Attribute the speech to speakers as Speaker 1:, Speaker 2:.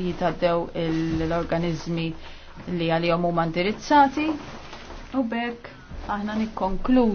Speaker 1: jitaddew l-organizmi li għalihom huma indirizzati u bekk aħna nikkonkludi.